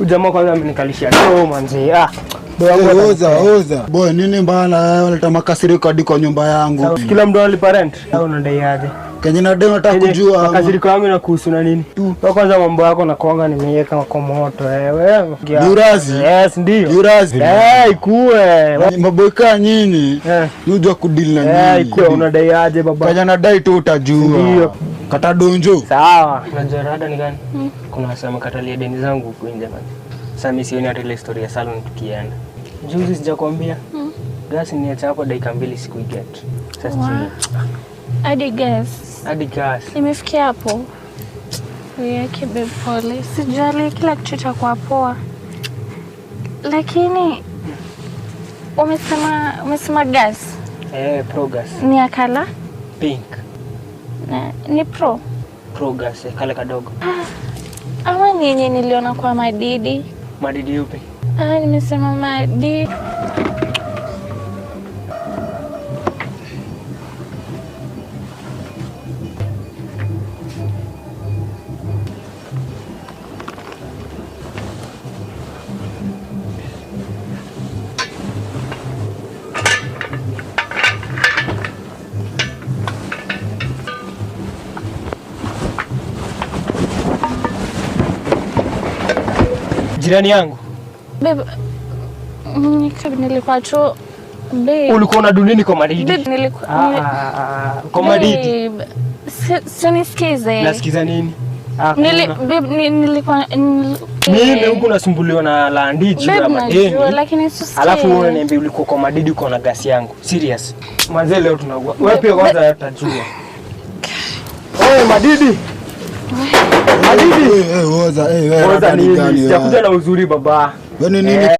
Ujamaa kwanza amenikalishia choo manzi. Ah. Hey, oza, oza. Boy, nini bana waleta makasiriko hadi kwa nyumba yangu. Kila mtu alipa rent au unadai aje? Kenye na deni nataka kujua. Makasiriko yangu na kuhusu na nini? Wewe kwanza mambo yako na kuanga nimeiweka kwa moto eh, wewe. Jurazi. Yes, ndio. Jurazi. Eh, ikue. Maboyka nyinyi. Eh. Unajua kudeal na eh, nini? Eh, ikue unadai aje baba? Kenye na dai tu utajua. Ndio. Kata donjo. Sawa. Unajua rada ni gani? Mm. Kuna wasema katalia deni zangu huko nje bana. Sasa mimi sioni hata ile story ya salon tukienda. Juzi sijakwambia. Mm. Gas ni acha hapo dakika mbili siku get. Sasa wow. Chini. Hadi gas. Hadi gas. Nimefikia hapo. Yake babe, pole. Sijali kila kitu itakuwa poa. Lakini umesema umesema gas. Eh, progress. Ni akala? Pink. Na, ni pro pro eh, kale kadogo ah, ama ni yenye niliona kwa madidi. Madidi upi? Ah, nimesema madidi jirani yangu. Babe, nilikuwa tu babe. Ulikuwa una dunini kwa madidi? Babe, nilikuwa ah, ah, kwa Maridi. Sinisikize. Nasikiza nini? Mimi ah, huku nasumbuliwa na landiji na madeni, alafu wewe niambie ulikuwa kwa madidi uko na gasi yangu. Serious. Manze leo tunaua. Wewe pia kwanza utajua. Wewe madidi Hadithi. Oza, eh, eh wewe. Oza eh, eh, nini? Sitakuja na uzuri baba. Wewe nini?